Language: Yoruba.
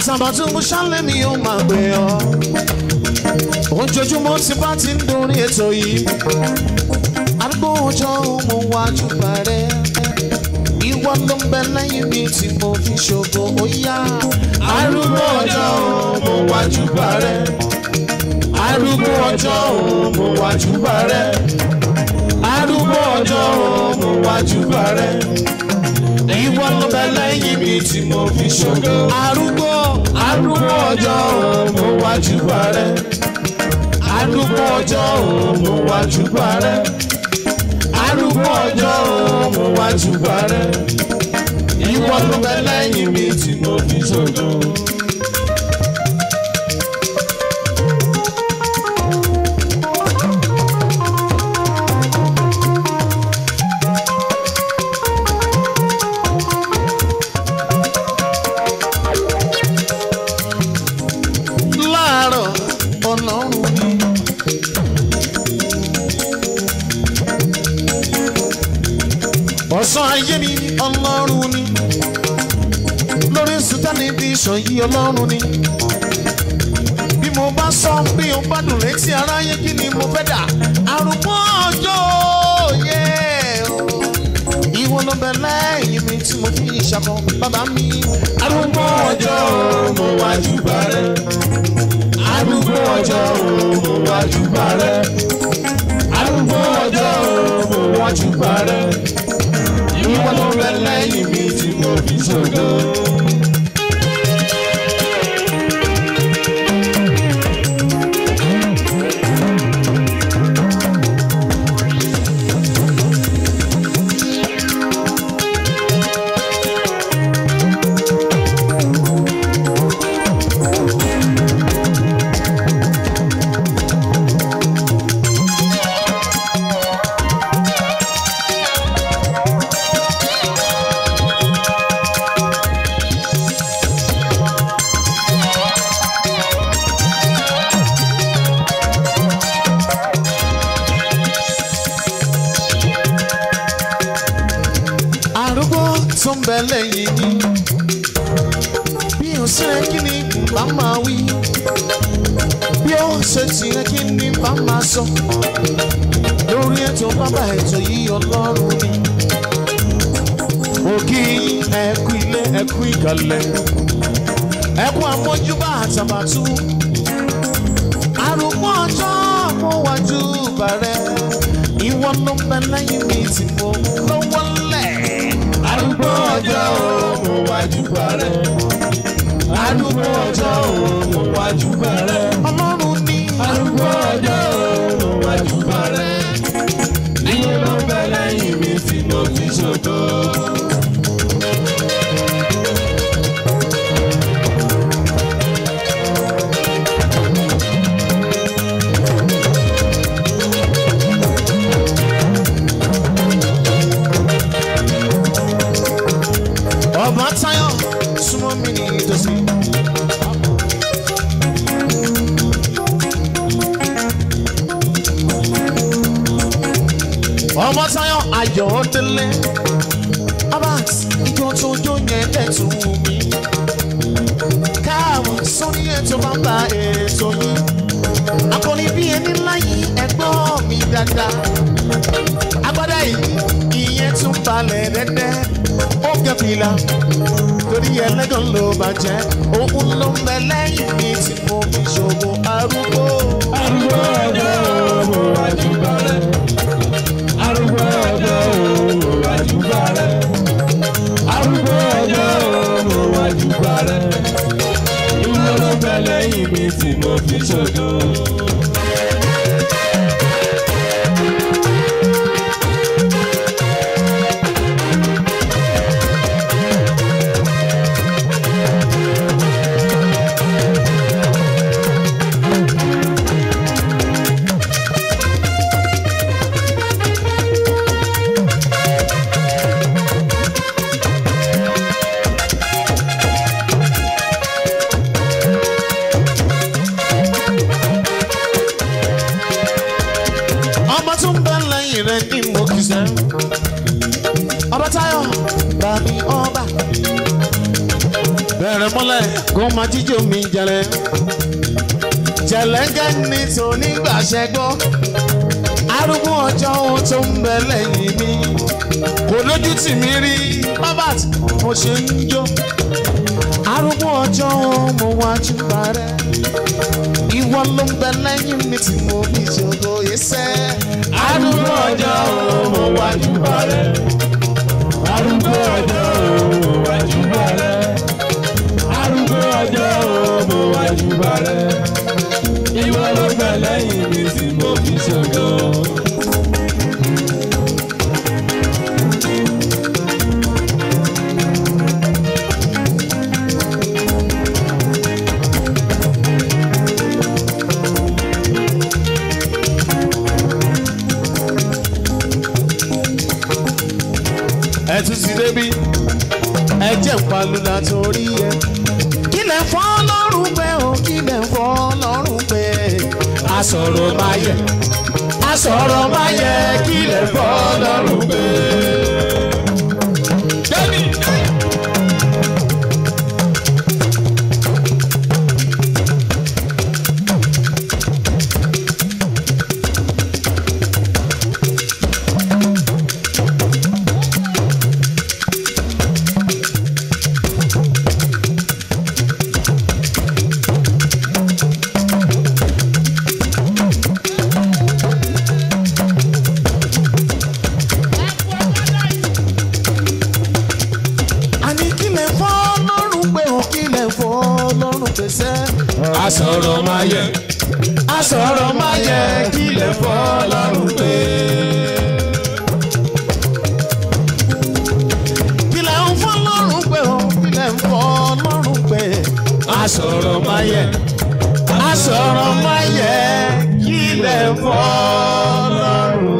Àtàbàtúbú ṣálẹ̀ mi yóò máa gbé ọ. Ojoojúmọ́ tí bá ti ń dorí ètò yìí. Àdúgbò ọjọ́ mo wájú bàrẹ́. Ìwọ ló ń bẹ lẹ́yìn mi tí mo fi ṣògo ó yá. ọjọ́ mo wájú bàrẹ́. Àdúgbò ọjọ́ mo wájú bàrẹ́. Àdúgbò ọjọ́ mo wájú bàrẹ́. Ìwọ ló bẹ lẹ́yìn mi tí mo fi ṣògo. Arúgbó adúgbò ọjọ́ òun mo wá jùbà rẹ adúgbò ọjọ́ òun mo wá jùbà rẹ adúgbò ọjọ́ òun mo wá jùbà rẹ ìwọ ló bẹ lẹ́yìn mi tí mo fi ṣògo. ọ̀sán ayé mi ọlọ́run ni lórí sítánì bí ìṣàn yí ọlọ́run ni bí mo bá sọ bí o bá dùn létí aráyé kí ni mo fẹ́ dà àrùkún ọjọ́ òye ìwọ ló bẹ lẹ́yìn mi tí mo fi ìṣàkọ bàbá mi. arúgbó ọjọ́ mo wá júbà rẹ̀ arúgbó ọjọ́ mo wá júbà rẹ̀. tó ń bẹ lẹ́yìn yín bí o ṣe rẹ kí ni bá máa wí bí o ṣe ti rẹ kí ni bá máa sọ lórí ètò bàbá ètò yìí ọlọ́run ni òkì ẹ̀kú ilé ẹ̀kú ìkàlẹ̀ ẹ̀kú àmójúbà àtàbàtú àrùkún ọjọ́ mo wájú bàrẹ̀ ìwọ ló ń bẹ lẹ́yìn mi ti bọ́. ládùúgbò ọjọ́ òun wájú bẹ̀rẹ̀. ọmọ Táyọ̀ Ayọ̀délé abas ijó tó jó yẹn tẹ̀tù mi káàmù sórí ètò bàbá ètò yìí akọni bí ẹni ńlá yìí ẹ̀gbọ́n mi dáadáa agbádá yìí ìyẹn tún balẹ̀ dẹ́dẹ́ ó gẹ̀ fìlà torí ẹlẹ́gàn ló bàjẹ́ òun ló ń bẹ lẹ́yìn mi ti lẹ́yìn mi tí mo fi ṣògo. kó máa jíjó mi jẹrẹ jẹlẹgẹ ní tonígbàṣẹ gbọ́ arúgbó ọjọ́ ohun tó ń bẹ lẹ́yìn mi kò lójú tì mí rí Robert mo ṣe ń jó arúgbó ọjọ́ ohun mo wá jù parẹ́ ìwọ ló ń bẹ lẹ́yìn mi tí mo fi ṣògo iṣẹ́ arúgbó ọjọ́ ohun mo wá jù parẹ́ arúgbó ọjọ́. parẹ́ ìwọ ló gbà lẹ́yìn mi tí mo fi ṣògo. ẹ tún ti débi ẹ jẹ́ ìpalu látòrí ẹ kí lẹ fọ́n. asọ̀rọ̀ máa yẹ asọ̀rọ̀ máa yẹ kílẹ̀ bọ́ lọ́rùn gbé. kílẹ̀ fọ́ lọ́rùn pé o kílẹ̀ fọ́ lọ́rùn pé sẹ́. asọ̀rọ̀ máa yẹ asọ̀rọ̀ máa yẹ kílẹ̀ fọ́ lọ́rùn pé. kílẹ̀ ń fọ́ lọ́rùn pé o kílẹ̀ ń fọ́ lọ́rùn pé. asọ̀rọ̀ máa yẹ asọ̀rọ̀ máa yẹ kílẹ̀ fọ́ lọ́rùn.